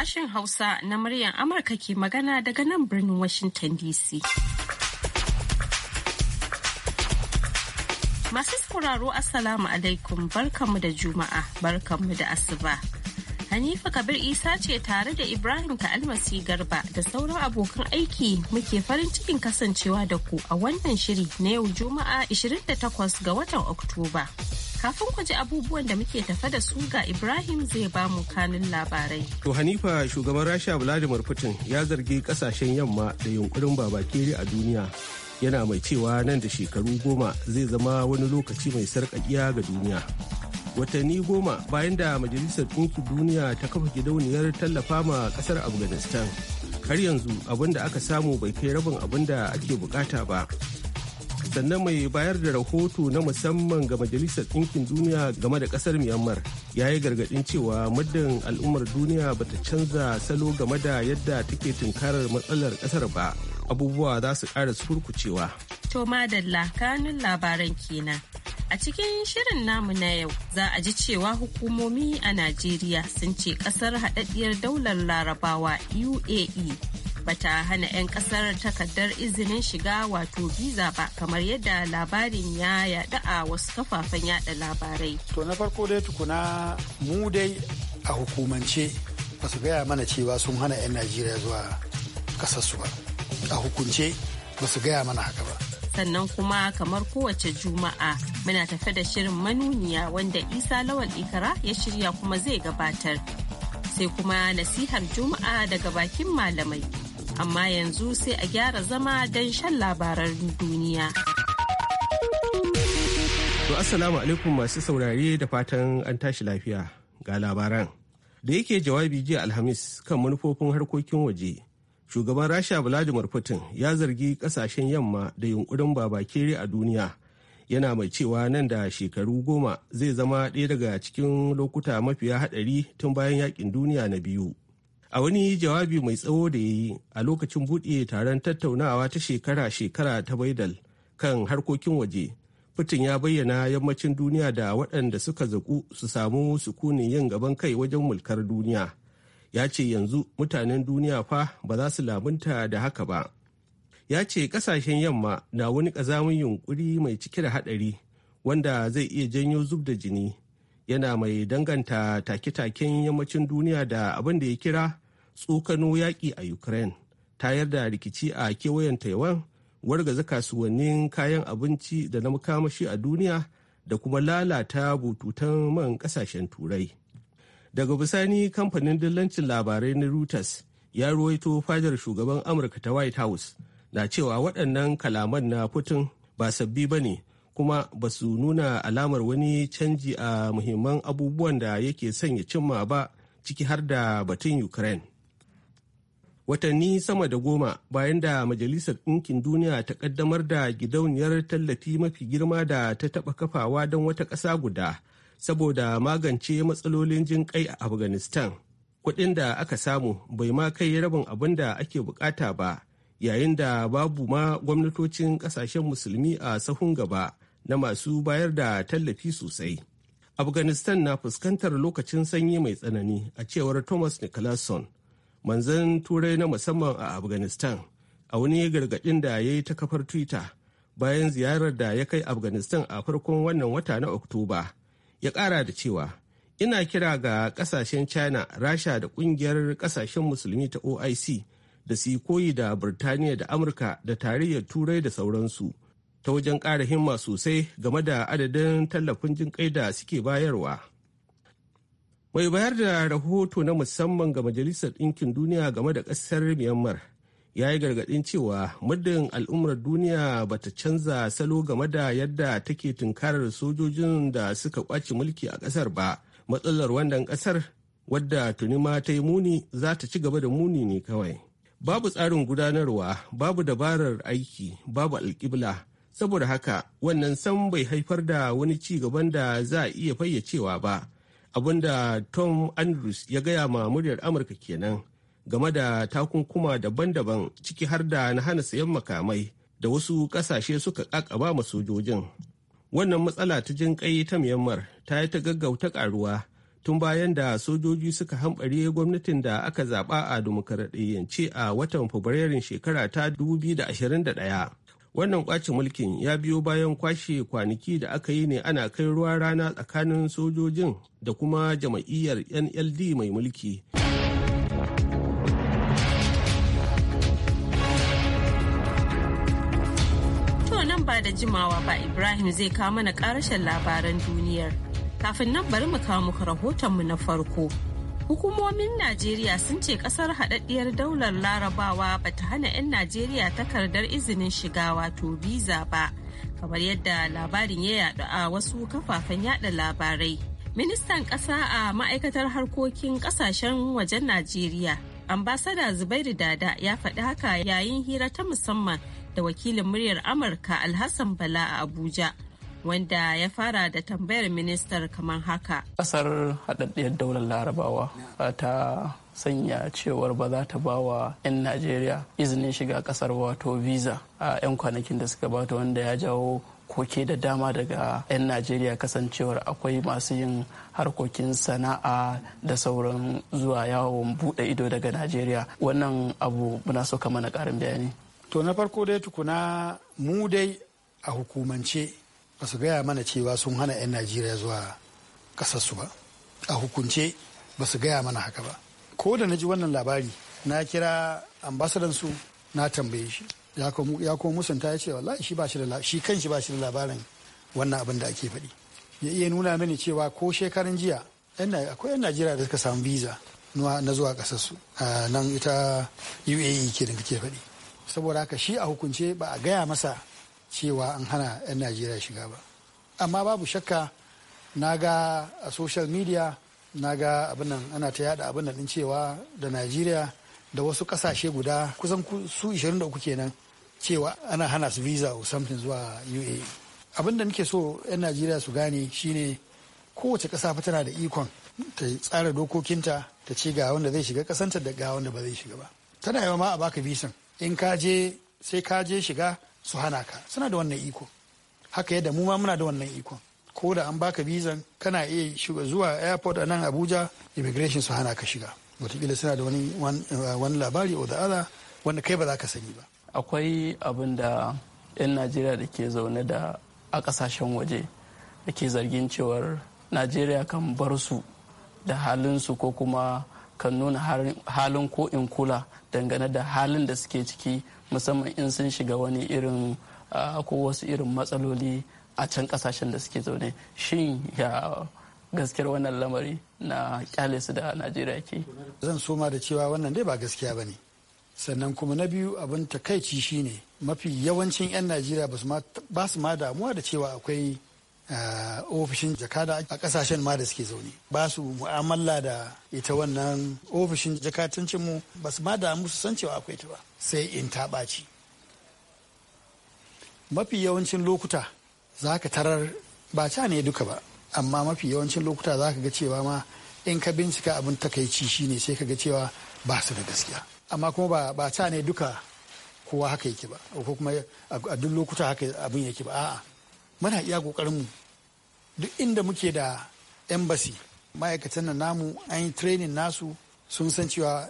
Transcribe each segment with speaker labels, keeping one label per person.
Speaker 1: sashen Hausa na muryar Amurka ke magana daga nan birnin Washington DC. Masu sauraro Assalamu alaikum barkanmu da Juma'a barkanmu da Asuba. Hanifa Kabir Isa ce tare da Ibrahim Ka'almasi Garba da sauran abokan aiki muke farin cikin kasancewa da ku a wannan shiri na yau Juma'a 28 ga watan Oktoba. Kafin ku ji abubuwan da muke tafa da su ga Ibrahim zai ba mu kanun labarai.
Speaker 2: To Hanifa shugaban Rasha Vladimir Putin ya zargi kasashen yamma da yunkurin babakeri a duniya. Yana mai cewa nan da shekaru goma zai zama wani lokaci mai sarƙaƙiya ga duniya. Watanni goma bayan da Majalisar Ɗinkin Duniya ta kafa gidauniyar tallafa ma ƙasar Afghanistan. Har yanzu abin da aka samu bai kai rabin abin da ake bukata ba. sannan mai bayar da rahoto na musamman ga majalisar ɗinkin duniya game da ƙasar myanmar ya yi gargaɗin cewa muddin al'ummar duniya ba ta canza salo game da yadda take tunkarar matsalar ƙasar ba abubuwa za su ƙara surkucewa.
Speaker 1: to madalla kanun labaran kenan A cikin shirin namu na yau za a ji cewa hukumomi a Najeriya sun ce ƙasar haɗaɗɗiyar daular larabawa UAE bata hana 'yan kasar takardar izinin shiga wato visa ba kamar yadda labarin ya yaɗa a wasu kafafen yada labarai. To na farko dai tukuna
Speaker 3: mu dai a hukumance ba su gaya mana cewa sun hana 'yan Najeriya zuwa kasarsu ba. A hukunce ba su gaya mana haka ba.
Speaker 1: sannan kuma kamar kowace juma'a muna tafe da shirin manuniya wanda isa lawal ikara ya shirya kuma zai gabatar sai kuma nasihar juma'a daga bakin malamai amma yanzu sai a gyara zama don shan labaran duniya.
Speaker 2: To Assalamu alaikum masu saurare da fatan an tashi lafiya ga labaran. Da yake jawabi jiya Alhamis kan manufofin harkokin waje, shugaban Rasha Vladimir Putin ya zargi kasashen yamma da yunkurin babakere a duniya. yana mai cewa nan da shekaru goma zai zama ɗaya daga cikin lokuta mafiya haɗari tun bayan yakin duniya na biyu a wani jawabi mai tsawo da ya yi a lokacin buɗe taron tattaunawa ta shekara-shekara ta baidal kan harkokin waje putin ya bayyana yammacin duniya da waɗanda suka zaku su samu sukunin yin gaban kai wajen mulkar duniya ya ce yanzu mutanen duniya fa ba za su lamunta da haka ba ya ce ƙasashen yamma na wani ƙazamin yunƙuri mai cike da haɗari wanda zai iya janyo zub da jini yana mai danganta take-taken yammacin duniya da abin da ya kira tsokano yaƙi a ukraine tayar da rikici a kewayen taiwan wargaza kasuwannin kayan abinci da na makamashi a duniya da kuma lalata bututan man kasashen turai daga bisani kamfanin dillancin labarai na reuters ya ruwaito fadar shugaban amurka ta white house na cewa waɗannan kalaman na putin ba sabbi ba ne kuma ba su nuna alamar wani canji a muhimman abubuwan da yake sanya cimma ba ciki har da batun ukraine watanni sama da goma bayan da majalisar ɗinkin duniya ta ƙaddamar da gidauniyar tallafi mafi girma da ta taɓa kafawa don wata ƙasa guda saboda magance matsalolin jin kai a afghanistan kuɗin da aka samu bai ma kai rabin abin da ake bukata ba yayin da babu ma gwamnatocin ƙasashen musulmi a sahun gaba na masu bayar da tallafi sosai. Afghanistan na fuskantar lokacin sanyi mai tsanani a cewar Thomas Nicholson, manzan turai na musamman a Afghanistan, a wani gargaɗin da ya yi ta kafar Twitter bayan ziyarar da ya kai Afghanistan a farkon wannan wata na Oktoba. Ya ƙara da cewa, ina kira ga ƙasashen China, Rasha da ƙungiyar ƙasashen Musulmi ta OIC da su koyi da Birtaniya da Amurka da tarayyar Turai da sauransu. ta wajen ƙara himma sosai game da adadin tallafin jinƙai da suke bayarwa. Mai bayar da rahoto na musamman ga Majalisar Ɗinkin Duniya game da ƙasar Myanmar ya yi gargaɗin cewa muddin al'ummar duniya ba ta canza salo game da yadda take tunkarar sojojin da suka ƙwace mulki a ƙasar ba, matsalar wannan ƙasar wadda tuni ma ta yi muni za ta ci gaba da muni ne kawai. Babu tsarin gudanarwa, babu dabarar aiki, babu alƙibla, saboda haka wannan san bai haifar da wani ci gaban da za a iya fayyacewa ba abinda tom andrews ya gaya ma muryar amurka kenan game da takunkuma daban-daban ciki har da na hana sayan makamai da wasu kasashe suka kakaba ma sojojin wannan matsala ta jin kai ta myanmar ta yi ta gaggauta karuwa tun bayan da sojoji suka hamɓare gwamnatin da aka zaɓa a dimokuraɗiyyance a watan fabrairun shekara ta 2021 wannan kwacin mulkin ya biyo bayan kwashe kwanaki da aka yi ne ana kai ruwa rana tsakanin sojojin da kuma jama'iyyar nld mai mulki
Speaker 1: nan ba da jimawa ba ibrahim zai kawo mana karshen labaran duniyar kafin nan bari mu kawo muku rahotonmu na farko Hukumomin Najeriya sun ce kasar haɗaɗɗiyar daular larabawa bata hana 'yan Najeriya takardar izinin shiga wato visa ba, kamar yadda labarin ya yaɗu a wasu kafafen yada labarai. Ministan ƙasa a ma'aikatar harkokin ƙasashen wajen Najeriya, ambasada Zubairu Dada ya faɗi haka yayin hira ta musamman da wakilin muryar Amurka Alhassan Bala a Abuja. wanda ya fara da tambayar ministar kamar haka.
Speaker 4: Kasar haɗaɗɗiyar daular larabawa ta sanya cewar ba za ta ba wa 'yan Najeriya izinin shiga kasar wato visa a 'yan kwanakin da suka bata wanda ya jawo koke da dama daga 'yan najeriya kasancewar akwai masu yin harkokin sana'a da sauran zuwa yawon bude ido daga najeriya wannan abu muna so mana karin bayani to na farko dai tukuna mu dai a hukumance
Speaker 3: ba su gaya mana cewa sun hana 'yan najeriya zuwa ƙasarsu ba a hukunce ba su gaya mana haka ba ko da na ji wannan labari na kira ambasadan su na tambaye shi ya kuma musanta ya ce wallahi shi ba shi da shi kan shi ba shi da labarin wannan abin da ake faɗi ya iya nuna mini cewa ko shekaran jiya akwai 'yan najeriya da suka samu visa na zuwa ƙasarsu nan ita uae ke da kake faɗi saboda haka shi a hukunce ba a gaya masa cewa an hana 'yan najeriya shiga ba amma babu shakka na ga a social media na ga abinan ana ta yada abin nan cewa da najeriya da wasu kasashe guda kusan su 23 kenan cewa ana hana su visa or something zuwa U.A e. abin da nake so 'yan najeriya su gane shine kowace ƙasa fa tana da ikon ta tsara dokokinta ta ce ga wanda zai shiga kasanta da ga wanda ba zai shiga ba tana yawa ma a baka bisan in ka je sai ka je shiga su hana ka suna da wannan iko haka yadda mu ma muna da wannan iko ko da an baka bizan kana iya shiga zuwa airport a nan abuja immigration su hana ka shiga wataƙila suna da wani uh, labari o da ala wanda kai ba za
Speaker 4: ka sani ba akwai abin da 'yan najeriya da ke zaune da a ƙasashen waje da ke zargin cewar najeriya kan bar su da halin su ko kuma kan nuna halin ko in kula dangane da halin da suke ciki musamman in sun shiga wani irin ah, ko wasu irin matsaloli a can kasashen da suke zaune shin ya gaskiyar wannan lamari na kyale su da najeriya ke
Speaker 3: zan soma da cewa wannan dai ba gaskiya ba ne sannan kuma na biyu abin takaici shine mafi yawancin 'yan najeriya ba su ma damuwa da cewa akwai Eh, ofishin jakada a kasashen ma da suke zaune ba su mu'amala da ita wannan ofishin jakatancin mu ba su ma da musu san cewa akwai ta ba sai in ta ɓaci mafi yawancin lokuta za ka tarar ba ca ne duka ba amma mafi yawancin lokuta za ka ga cewa ma in ka bincika abin takaici ne sai ka ga cewa ba su da gaskiya amma kuma ba ca ne duka kowa haka yake ba ko kuma a duk lokuta haka abin yake ba a'a muna iya kokarin mu duk inda muke da embassy ma'aikatan na namu an yi training nasu sun san cewa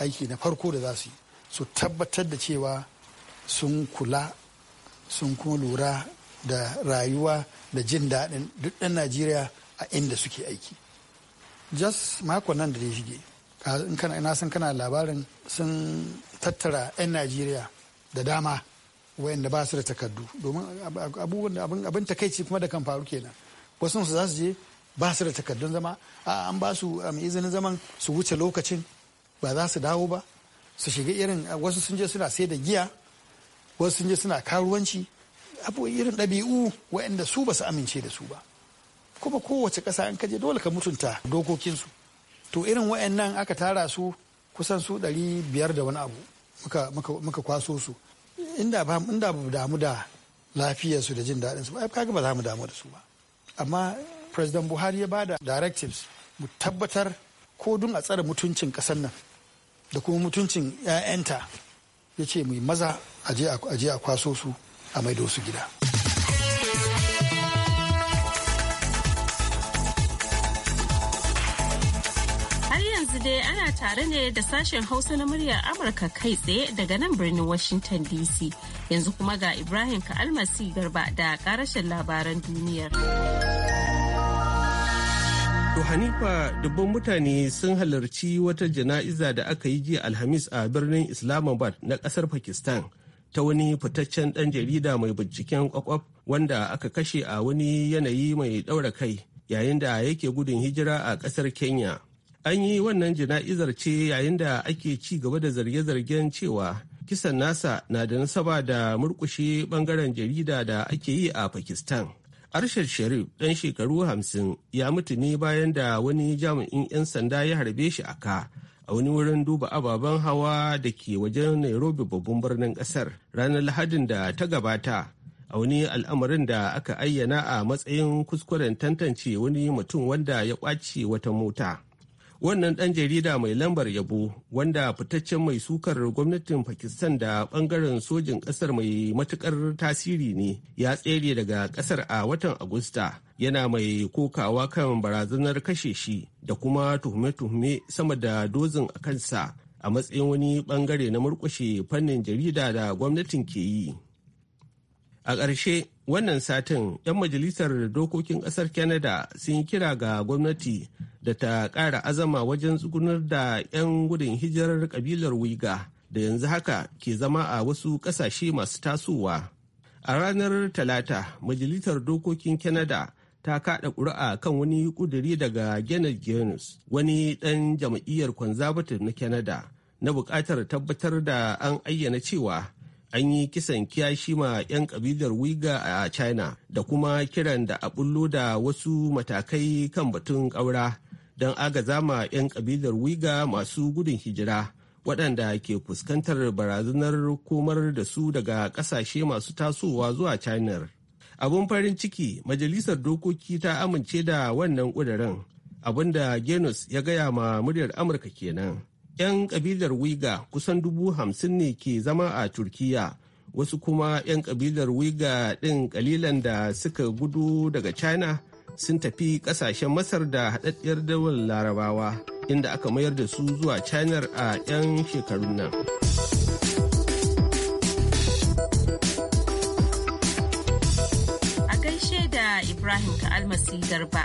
Speaker 3: aiki na farko da za su yi su tabbatar da cewa sun kula sun kuma lura da rayuwa da jin daɗin duk ɗan najeriya a inda suke aiki just makon nan da ya shige na san kana labarin sun tattara 'yan najeriya da dama wayanda ba su da takardu domin abin takaici kuma da kan faru kenan wasu su za su je ba su da takardun zama a an ba su izinin zaman su wuce lokacin ba za su dawo ba su shiga irin wasu sun je suna sai da giya wasu sun je suna karuwanci abu irin ɗabi'u waɗanda su ba su amince da su ba kuma kowace ƙasa ka je dole ka mutunta dokokinsu to irin waɗannan aka tara su kusan su ɗari biyar da wani abu muka kwaso su inda ba damu da lafiyarsu da jin daɗinsu ba kaga ba za mu damu da su ba amma president buhari ya bada directives mu tabbatar ko dun a tsare mutuncin ƙasar nan da kuma mutuncin 'ya'yanta ya ce mai maza aje a kwaso su a maido su gida.
Speaker 1: dai ana tare ne da sashen Hausa na muryar Amurka kai tsaye daga nan birnin Washington DC. Yanzu kuma ga Ibrahim Ka'almasi Garba da karashen labaran duniyar.
Speaker 2: To Hanifa dubban mutane sun halarci wata jana'iza da aka yi jiya Alhamis a birnin Islamabad na kasar Pakistan ta wani fitaccen ɗan jarida mai binciken kwakwaf wanda aka kashe a wani yanayi mai ɗaura kai yayin da yake gudun hijira a kasar Kenya. an yi wannan jana'izar ce yayin da ake ci gaba da zarge-zargen cewa kisan nasa na da nasaba da murkushe bangaren jarida da ake yi a pakistan arshad sharif ɗan shekaru hamsin ya mutu ne bayan da wani jami'in 'yan sanda ya harbe shi a ka a wani wurin duba ababen hawa da ke wajen nairobi babban birnin ƙasar ranar lahadin da ta gabata a wani al'amarin da aka ayyana a matsayin kuskuren tantance wani mutum wanda ya kwace wata mota wannan ɗan jarida mai lambar yabo wanda fitaccen mai sukar gwamnatin pakistan da ɓangaren sojin ƙasar mai matuƙar tasiri ne ya tsere daga ƙasar a watan agusta yana mai kokawa kan barazanar kashe shi da kuma tuhume-tuhume sama da dozin a kansa a matsayin wani ɓangare na murƙushe fannin jarida da gwamnatin ke yi a ƙarshe wannan satin 'yan majalisar dokokin kasar canada sun yi kira ga gwamnati da ta ƙara azama wajen tsugunar da 'yan gudun hijirar kabilar wiga da yanzu haka ke zama a wasu ƙasashe masu tasowa a ranar talata majalisar dokokin canada ta kaɗa ƙuri'a kan wani ƙuduri daga Janet Genus, wani ɗan jam'iyyar Conservative na Canada, na buƙatar tabbatar da an ayyana cewa an yi kisan kiyashi ma 'yan kabilar wiga a china da kuma kiran da a bullo da wasu matakai kan batun ƙaura don agaza ma 'yan kabilar wiga masu gudun hijira waɗanda ke fuskantar barazanar komar da su daga ƙasashe masu tasowa zuwa china abun farin ciki majalisar dokoki ta amince da wannan ƙudurin abinda genus ya gaya ma muryar amurka kenan 'yan kabilar wiga kusan dubu hamsin ne ke zama a turkiya wasu kuma 'yan kabilar wiga din kalilan da suka gudu daga china sun tafi kasashen masar da haɗaɗɗiyar dawar larabawa inda aka mayar da su zuwa china a 'yan shekarun nan
Speaker 1: a gaishe da ibrahim ka almasi garba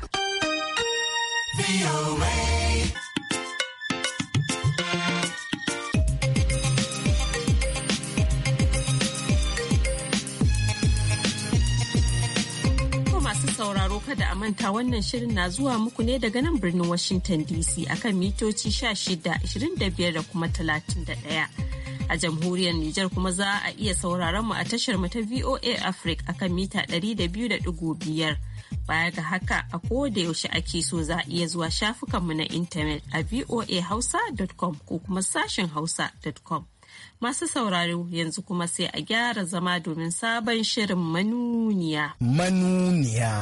Speaker 1: sauraro kada a manta wannan shirin na zuwa muku ne daga nan birnin Washington DC akan mitoci 16, 25 da kuma 31. A jamhuriyar Nijar kuma za a iya sauraron mu a tashar mu ta VOA Africa akan mita 200.5. Baya ga haka a koda yaushe ake so za a iya zuwa shafukanmu na intanet a voahausa.com ko kuma sashen hausa.com. Masu sauraro yanzu kuma sai a gyara zama domin sabon shirin manuniya.
Speaker 5: Manuniya.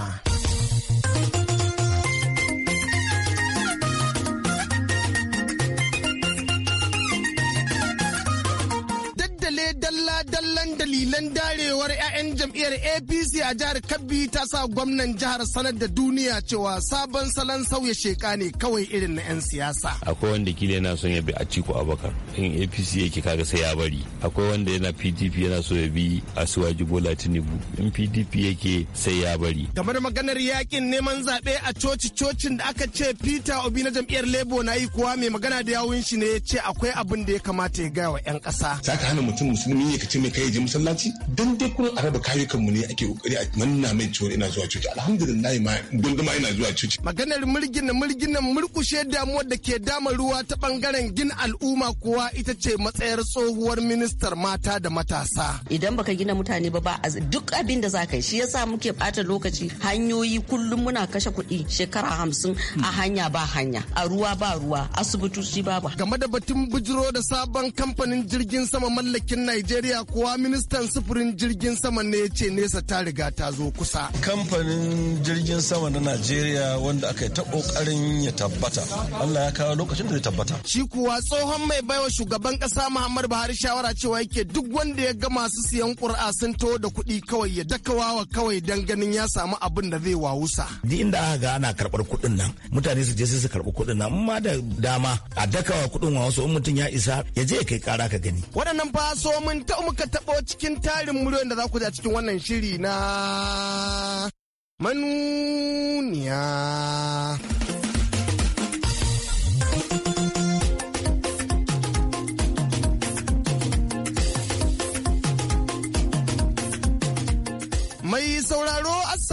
Speaker 5: dalla-dallan dalilan darewar 'ya'yan jam'iyyar apc a jihar kabbi ta sa gwamnan jihar sanar da duniya cewa sabon salon sauya sheka ne kawai irin na 'yan siyasa
Speaker 6: akwai wanda kila yana son ya bi a ciko abakar in apc yake kaga sai ya bari akwai wanda yana pdp yana so ya bi asuwaji bola tinubu in pdp yake sai ya bari
Speaker 5: game da maganar yakin neman zaɓe a coci-cocin da aka ce peter obi na jam'iyyar labour na yi kuwa mai magana da yawun shi ne ya ce akwai abin da ya kamata ya gaya wa 'yan ƙasa.
Speaker 7: ka hana mutum musulmi yi ka ce mai kai je masallaci dan dai kun araba kayukan mu ne ake kokari a manna mai cewa ina zuwa coci alhamdulillah ma gunduma ina zuwa coci maganar murgin na murgin na murkushe damuwar
Speaker 5: da ke dama ruwa ta bangaren gin al'umma kuwa ita ce matsayar tsohuwar ministar
Speaker 8: mata da matasa idan baka gina mutane ba ba duk abin da zaka yi shi yasa muke bata lokaci hanyoyi kullum muna kashe kuɗi shekara hamsin a hanya ba hanya a ruwa ba ruwa asibitoci ba ba game da batun bujiro da sabon kamfanin jirgin sama mallakin
Speaker 5: Najeriya Najeriya kuwa ministan sufurin jirgin sama ne ya ce nesa ta riga ta zo kusa.
Speaker 9: Kamfanin jirgin sama na Najeriya wanda aka yi ta kokarin ya tabbata. Allah ya kawo lokacin da ya tabbata. Shi
Speaker 5: kuwa tsohon mai baiwa shugaban kasa Muhammadu Buhari shawara cewa yake duk wanda ya ga masu siyan ƙura'a sun taho da kuɗi kawai ya wawa kawai dan ganin ya samu abin da zai wawusa.
Speaker 10: Duk inda aka ga ana karɓar kuɗin nan mutane su je su karɓi kuɗin nan amma da dama a dakawa kuɗin wa wasu in mutum ya isa ya je ya kai ƙara ka gani.
Speaker 5: Waɗannan fa so mun ta muka taɓa cikin tarin muryoyin da za ku ji a cikin wannan shiri na manuniya.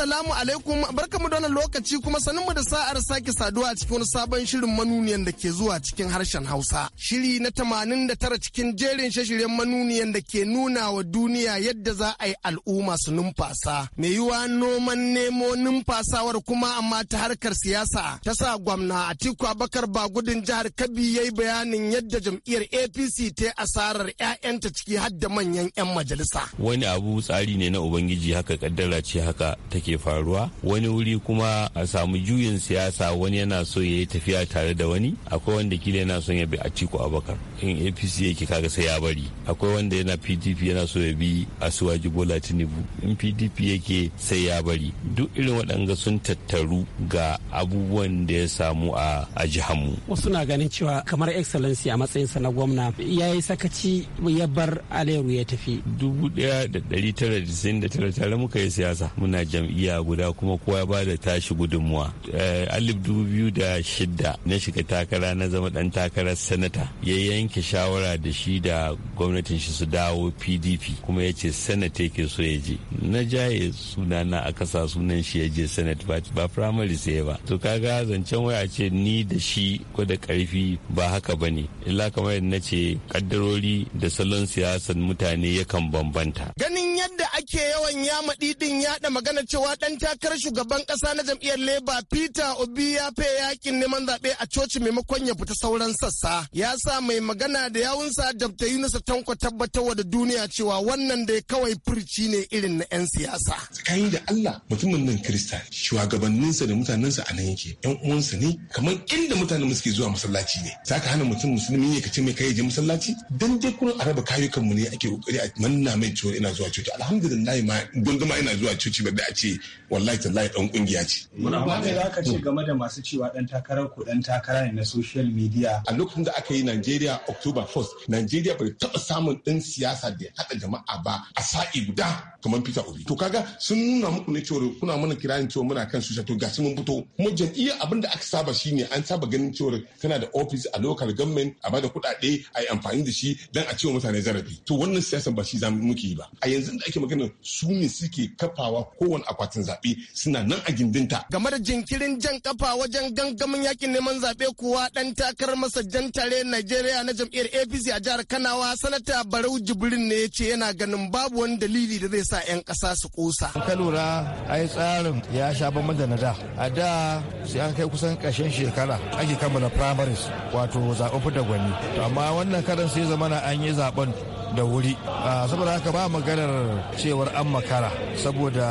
Speaker 5: Assalamu alaikum barkamu da wannan lokaci kuma sanin mu da sa'ar sake saduwa a cikin wani sabon shirin manuniyan da ke zuwa cikin harshen Hausa. Shiri na tamanin da tara cikin jerin shashiren manuniyan da ke nuna wa duniya yadda za a yi al'umma su numfasa. Mai yiwa noman nemo numfasawar kuma amma ta harkar siyasa ta sa gwamna Atiku Abakar Bagudin jihar Kabi ya yi bayanin yadda jam'iyyar APC ta yi asarar 'ya'yanta ciki har da manyan 'yan majalisa.
Speaker 6: Wani abu tsari ne na Ubangiji haka kaddara ce haka take ke faruwa wani wuri kuma a samu juyin siyasa wani yana so ya yi tafiya tare da wani akwai wanda kila yana so ya bi a atiku abakar in apc yake kaga sai ya bari akwai wanda yana pdp yana so ya bi asuwaji bola tinubu in pdp yake sai ya bari duk irin waɗanga sun tattaru ga abubuwan da ya samu a jihanmu
Speaker 10: wasu na ganin cewa kamar excellency a matsayin sa na gwamna ya yi sakaci ya bar aleru ya tafi dubu
Speaker 6: ɗaya da ɗari tara da tara muka yi siyasa muna jam'i kungiya guda kuma kowa ba da tashi gudunmuwa eh, alif dubu biyu da shidda na shiga takara na zama dan takarar sanata ya yanke shawara da shi da gwamnatin shi su dawo pdp kuma ya ce sanata yake so ya je na jaye na aka sa sunan shi ya je senate ba primary sai ba to kaga zancen waya ce ni da shi ko da karfi ba haka ba ne illa kamar yadda na ce kaddarori da salon siyasar mutane yakan bambanta
Speaker 5: ganin yadda ake yawan ya madidin yaɗa magana cewa ɗan takarar shugaban ƙasa na jam'iyyar Labour Peter Obi ya fe yakin neman zaɓe a coci maimakon ya fita sauran sassa. Ya sa mai magana da yawunsa Dr. Yunus Tanko wa da duniya cewa wannan da dai kawai furci ne irin na 'yan siyasa.
Speaker 7: Tsakani da Allah mutumin nan Kirista shugabanninsa da mutanensa a nan yake 'yan uwansa ne kamar inda mutanen mu suke zuwa masallaci ne. Za ka hana mutum musulmi ne ka mai kai je masallaci? Dan dai kun araba kayukanmu ne ake kokari a manna mai cewa ina zuwa coci. Alhamdulillah ma gunduma ina zuwa cuci ba da a ce wallahi tallahi dan kungiya ce muna ba ne ka ce game da masu cewa dan takarar ku dan takara ne na social media a lokacin da aka yi Nigeria October 1st Nigeria bai taba samun din siyasa da ya hada jama'a ba a sa'i guda kamar Peter Obi to kaga sun nuna muku ne cewa kuna mana ne cewa muna kan social to gasu mun fito kuma jam'iyyar abin da aka saba shine an saba ganin cewa tana da office a local government a bada kuɗaɗe a yi amfani da shi dan a cewa mutane zarafi to wannan siyasan ba shi za muke yi ba a yanzu da ake magana su su ne suke kafawa kowane akwatin zaɓe suna nan a gindinta. Game da jinkirin jan kafa wajen gangamin yakin neman zaɓe kuwa ɗan
Speaker 5: takarar masajjan tare Najeriya na jam'iyyar APC a jihar Kanawa sanata Barau Jibrin ne ya ce yana ganin babu wani dalili da zai sa 'yan ƙasa su ƙosa. Ka lura ai tsarin
Speaker 10: ya sha bamban da na da. A da sai an kai kusan ƙarshen shekara ake kammala primaries wato zaɓen fita gwani. Amma wannan karan sai zamana an yi zaɓen da wuri saboda haka ba maganar cewar an makara saboda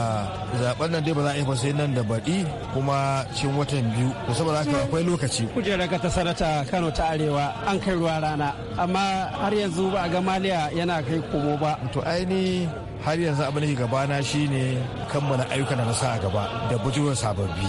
Speaker 10: zaben nan dai ba za a yi sai nan da baɗi kuma cin watan biyu saboda haka hmm. akwai lokaci
Speaker 2: kujerar ta sanata kano ta arewa an kai ruwa rana amma har yanzu ba a ga maliya yana kai komo
Speaker 10: ba to aini har yanzu abin da ke gabana shine kammala ayyukan da na sa a gaba da bujuwar sababbi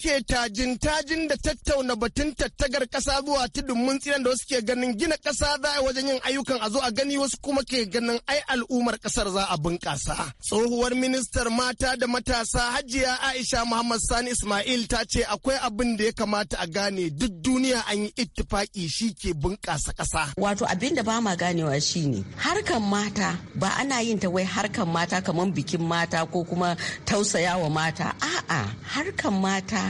Speaker 5: ke tajin-tajin da tattauna batun tattagar kasa zuwa tudun mun tsinan da wasu ke ganin gina kasa za a wajen yin ayyukan a zo a gani wasu kuma ke ganin ai al'ummar kasar za a bunƙasa. Tsohuwar ministar mata da matasa Hajiya Aisha Muhammad Sani Ismail ta ce akwai abin da ya kamata a gane
Speaker 8: duk duniya an yi ittifaki shi ke bunkasa kasa Wato abin da ba ma ganewa shine harkan mata ba ana yin ta wai harkan mata kamar bikin mata ko kuma tausayawa mata a'a harkan mata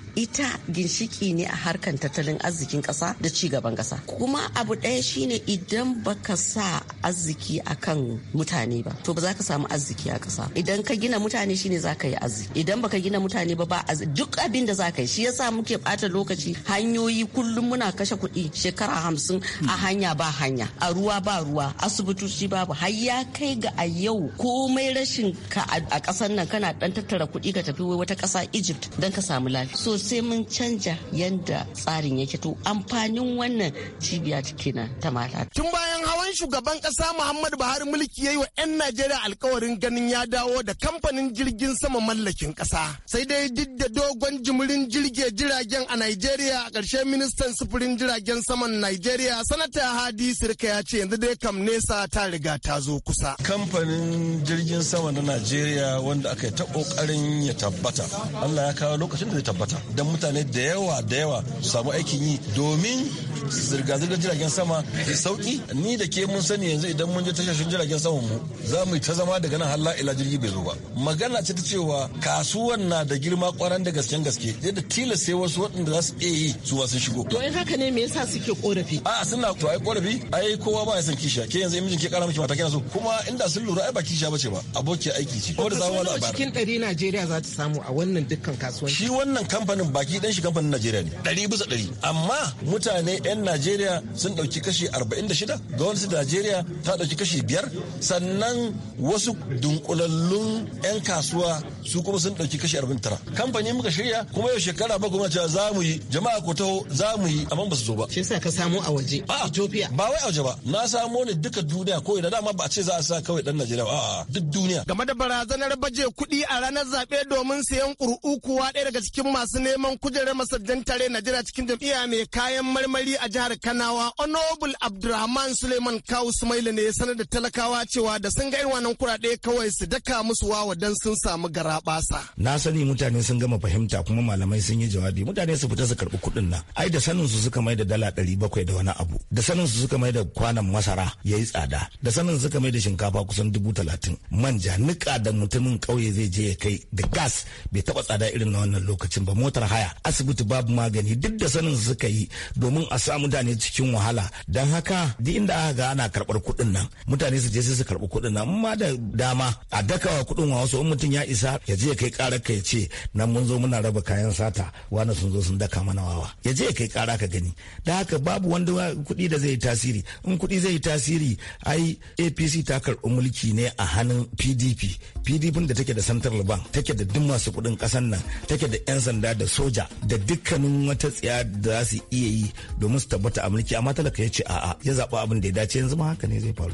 Speaker 8: ita ginshiki ne a harkan tattalin arzikin kasa da ci gaban ƙasa kuma abu ɗaya shine idan baka sa arziki akan mutane ba to ba za ka samu arziki a ƙasa idan ka gina mutane shine za ka yi arziki idan baka gina mutane ba ba duk abin da za ka yi shi yasa muke bata lokaci hanyoyi kullum muna kashe kuɗi shekara hamsin a hanya ba hanya a ruwa ba ruwa asibitoci babu har ya kai ga a yau komai rashin ka a kasar nan kana ɗan tattara kuɗi ka tafi wata ƙasa egypt dan ka samu lafiya sai mun canja yadda tsarin yake to amfanin wannan cibiya kenan ta mata. Tun bayan hawan shugaban kasa
Speaker 5: Muhammadu Buhari mulki ya yi wa 'yan Najeriya alkawarin ganin ya dawo da kamfanin jirgin sama mallakin kasa. Sai dai duk da dogon jimirin jirge jiragen a Najeriya a ƙarshe ministan sufurin jiragen saman Najeriya sanata Hadi Sirka ya ce yanzu dai kam nesa ta riga ta
Speaker 9: zo kusa. Kamfanin jirgin sama na Najeriya wanda aka yi ta ƙoƙarin ya tabbata. Allah ya kawo lokacin da zai tabbata. don mutane da yawa da yawa su samu aikin yi domin zirga-zirgar jiragen sama sauki ni da ke mun sani yanzu idan mun je tashoshin jiragen sama mu za mu ta zama daga nan halla ila jirgi bai zo ba magana ce ta cewa kasuwan na da girma kwaran da gasken gaske yadda tilas sai wasu waɗanda za su iya yi su wasu shigo
Speaker 5: to
Speaker 1: in haka ne me yasa suke korafi
Speaker 9: a suna to ai korafi ai kowa ba ya san kishiya ke yanzu imijin ke kara miki mata kina so kuma inda sun lura ai ba kishiya bace ba aboki aiki ce ko da za mu ba. cikin
Speaker 5: ɗari
Speaker 10: Najeriya za ta samu a wannan dukkan kasuwanci
Speaker 9: shi wannan kamfanin kamfanin baki dan shi kamfanin Najeriya ne ɗari bisa ɗari amma mutane 'yan Najeriya sun ɗauki kashi 46 gwamnatin Najeriya ta ɗauki kashi biyar sannan wasu dunkulallun 'yan kasuwa su kuma sun ɗauki kashi 49 Kamfanin muka shirya kuma yau shekara ba kuma cewa za mu yi jama'a ko taho za mu yi amma ba su zo ba. Shi ka samo a waje. A Ethiopia. Ba wai a waje ba na samo ne duka duniya ko ina dama ba a ce za a sa kawai dan Najeriya ba duk duniya.
Speaker 5: Game da barazanar baje kuɗi a ranar zaɓe domin sayan ƙuri'u kuwa ɗaya daga cikin masu ne neman kujerar masarjan tare Najeriya cikin jam'iyya mai kayan marmari a jihar Kanawa Honorable Abdulrahman Suleiman Kawu Sumaila ne ya sanar da talakawa cewa da sun ga irin wannan kuraɗe kawai su daka musu wawa dan sun samu garaɓasa.
Speaker 10: Na sani mutane sun gama fahimta kuma malamai sun yi jawabi mutane su fita su karɓi kuɗin na Ai da sanin su suka mai da dala ɗari bakwai da wani abu da sanin su suka mai da kwanan masara ya yi tsada da sanin suka mai da shinkafa kusan dubu talatin manja niƙa da mutumin ƙauye zai je ya kai da gas bai taɓa tsada irin na wannan lokacin ba mota motar haya asibiti babu magani duk da sanin suka yi domin a sa mutane cikin wahala don haka duk inda aka ga ana karɓar kuɗin nan mutane su je sai su karɓi kuɗin nan amma da dama a dakawa kuɗin wa wasu in mutum ya isa ya je ya kai ƙara ka ya ce nan mun zo muna raba kayan sata wani sun zo sun daka mana wawa ya je ya kai ƙara ka gani da haka babu wanda kuɗi da zai yi tasiri in kuɗi zai yi tasiri ai apc ta karɓi mulki ne a hannun pdp pdp da take da central bank take da duk masu kuɗin ƙasar nan take da 'yan sanda da soja da dukkanin wata tsiya da za su iya yi domin su tabbata a mulki amma talaka ya ce a'a ya zaɓa abin da ya dace yanzu ma haka ne zai faru.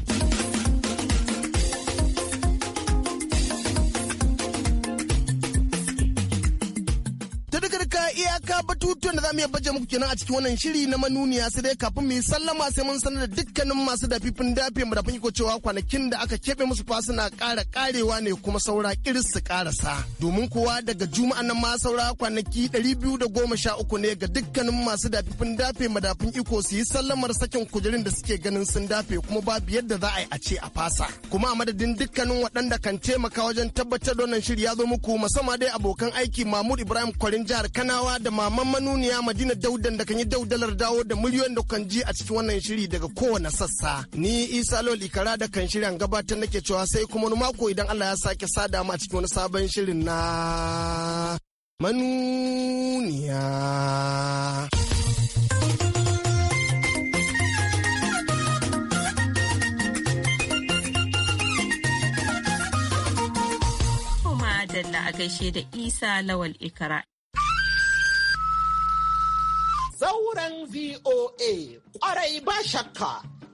Speaker 5: iyaka batutuwan da za mu iya baje muku kenan a cikin wannan shiri na manuniya sai dai kafin mu yi sallama sai mun sanar da dukkanin masu dafifin dafe mu da ko cewa kwanakin da aka keɓe musu fa suna ƙara ƙarewa ne kuma saura kiris su ƙarasa. Domin kuwa daga juma'an nan ma saura kwanaki ɗari biyu da goma sha uku ne ga dukkanin masu dafifin dafe madafin iko su yi sallamar sakin kujerun da suke ganin sun dafe kuma babu yadda za a yi a ce a fasa. Kuma a madadin dukkanin waɗanda kan taimaka wajen tabbatar da wannan shiri ya zo muku musamman dai abokan aiki Mahmud Ibrahim Kwarin jihar Kanawa da Maman manuniya Madina Daudan da kan yi daudalar dawo da miliyoyin da kan ji a cikin wannan shiri daga kowane sassa. Ni Isa Lol Ikara da kan shirin gabatar nake cewa sai kuma wani mako idan Allah ya sake sada mu a cikin wani sabon shirin na manuniya.
Speaker 1: Allah a gaishe da Isa Lawal Ikara zauren VOA kwarai ba shakka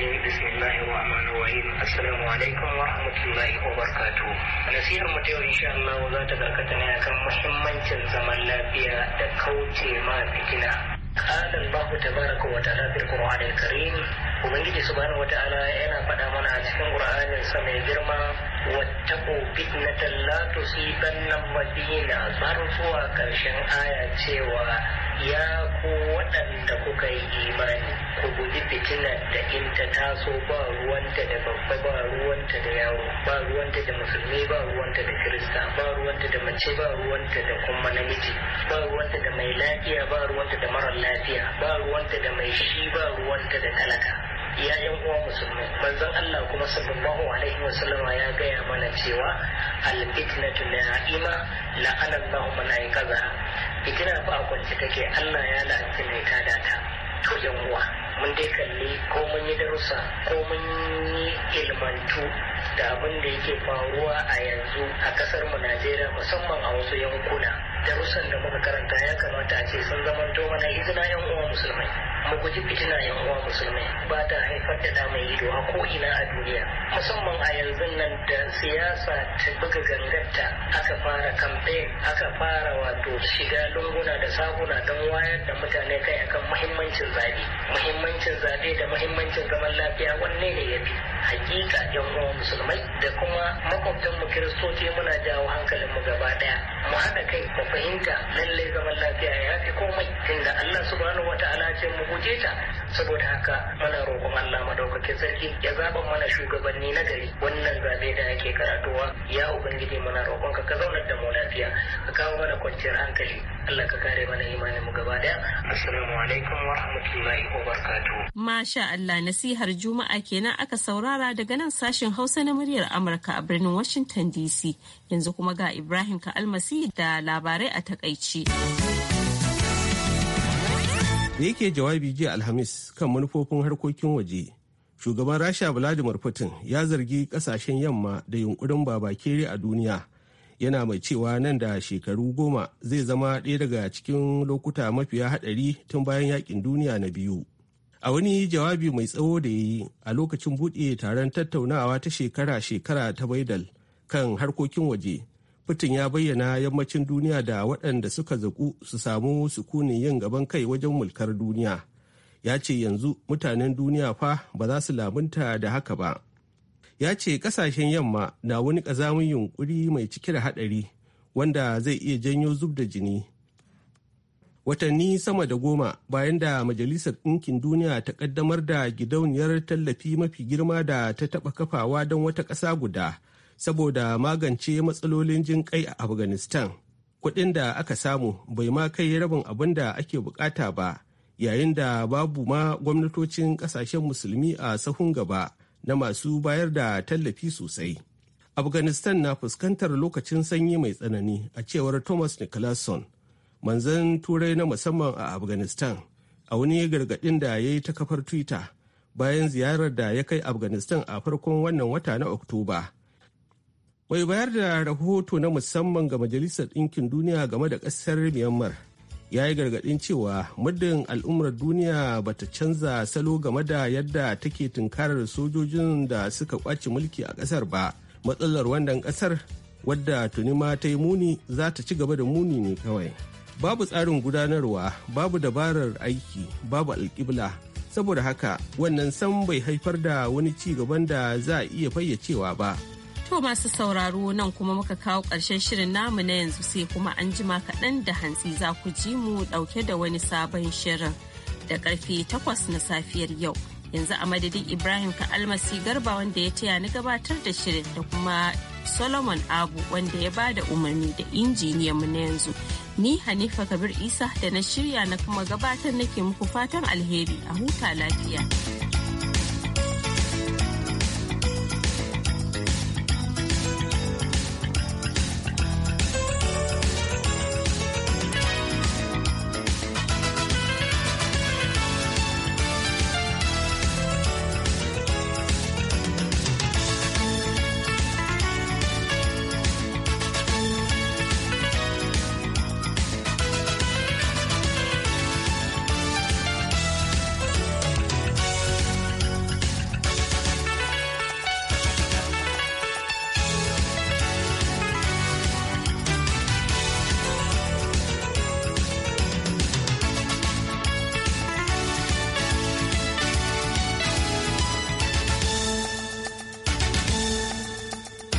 Speaker 11: rajim bismillahir rahmanir rahim assalamu alaikum wa rahmatullahi wa barakatuh nasihar mu ta yau insha Allah za ta karkata ne akan muhimmancin zaman lafiya da kauce ma fitina قال الله تبارك وتعالى في القرآن karim ubangiji subhanahu wataala yana faɗa mana a cikin qur'anin sa mai girma wattaqu fitnatan la tusibanna alladhina a karshen aya cewa ya ku waɗanda kuka yi imani ku guji fitinar da in ta taso ba ruwanta da babba ba ruwanta da yaro ba ruwanta da musulmi ba ruwanta da kirista ba ruwanta da mace ba ruwanta da kuma namiji ba ruwanta da mai lafiya ba ruwanta da mara lafiya ba ruwanta da mai shi ba ruwanta da talaka ya yan uwa musulmi manzon Allah kuma sallallahu alaihi wasallam ya gaya mana cewa al-fitnatu na'ima la'ana Allah man ayqaza fitina ba a kwance take Allah ya la'anci mai tada ta to yan uwa mun dai kalli ko mun yi darussa ko mun yi ilmantu da abin da yake faruwa a yanzu a kasar mu Najeriya musamman a wasu yankuna darussan da muka karanta ya kamata a ce sun zama to mana izina yan uwa musulmai mu guji fitina yan uwa musulmai ba ta haifar da da mai ido ko ina a duniya musamman a yanzu nan da siyasa ta buga gangarta aka fara kamfen aka fara wato shiga lunguna da sabuna, don wayar da mutane kai akan muhimmancin zabe muhimmancin mahimmancin zaɓe da muhimmancin zaman lafiya wanne ne ya fi hakika yan uwa musulmai da kuma makwabtan mu kiristoci muna jawo hankalin mu gaba daya mu haɗa kai mu fahimta lallai zaman lafiya ya fi komai tunda Allah subhanahu ala ce mu guje ta saboda haka muna roƙon Allah madaukakin sarki ya zaɓa mana shugabanni na gari wannan zabe da yake karatuwa ya ubangiji muna roƙon ka ka zaunar da mu lafiya ka kawo mana kwanciyar hankali Allah ka kare mana imanin mu gaba daya assalamu alaikum wa rahmatullahi wa barakatuh
Speaker 1: masha Allah nasihar juma'a kenan aka saurara daga nan sashin Hausa na muryar Amurka a birnin Washington DC yanzu kuma ga Ibrahim Ka'almasi da labarai a takaici.
Speaker 2: da yake jawabi jiya alhamis kan manufofin harkokin waje shugaban rasha vladimir putin ya zargi kasashen yamma da yunkurin babakere a duniya yana mai cewa nan da shekaru goma zai zama ɗaya daga cikin lokuta mafiya haɗari tun bayan yakin duniya na biyu a wani jawabi mai tsawo da ya yi a lokacin buɗe taron tattaunawa ta shekara-shekara ta baidal kan harkokin waje Putin ya bayyana yammacin duniya da waɗanda suka zaku su samu sukunin yin gaban kai wajen mulkar duniya. Ya ce yanzu mutanen duniya fa ba za su lamunta da haka ba. Ya ce ƙasashen yamma na wani ƙazamin yunƙuri mai cike da haɗari wanda zai iya janyo zub da jini. Watanni sama da goma bayan da Majalisar Ɗinkin Duniya ta ƙaddamar da gidauniyar tallafi mafi girma da ta taɓa kafawa don wata ƙasa guda. saboda magance matsalolin jin kai a afghanistan kuɗin da aka samu bai ma kai rabin abin da ake bukata ba yayin da babu ma gwamnatocin ƙasashen musulmi a sahun gaba na masu bayar da tallafi sosai afghanistan na fuskantar lokacin sanyi mai tsanani a cewar thomas nicholson manzan turai na musamman a afghanistan a wani gargaɗin da ya yi ta kafar twitter bayan ziyarar da ya kai afghanistan a farkon wannan wata na oktoba mai bayar da rahoto na musamman ga majalisar ɗinkin duniya game da ƙasar myanmar ya yi gargaɗin cewa muddin al'ummar duniya ba ta canza salo game da yadda take tunkarar sojojin da suka kwace mulki a ƙasar ba matsalar wannan ƙasar wadda tuni ma ta yi muni za ta ci gaba da muni ne kawai babu tsarin gudanarwa babu dabarar aiki babu alkibla saboda haka wannan san bai haifar da wani ci gaban da za a iya fayyacewa ba
Speaker 1: To masu sauraro nan kuma muka kawo ƙarshen shirin namu na yanzu sai kuma an jima kaɗan da hantsi za ku ji mu ɗauke da wani sabon shirin da ƙarfe takwas na safiyar yau. Yanzu a madadin Ibrahim ka almasi garba wanda ya taya ni gabatar da shirin da kuma Solomon Abu wanda ya ba da umarni da injiniyan mu na yanzu. Ni Hanifa Kabir Isa da na shirya na kuma gabatar nake muku fatan alheri a huta lafiya.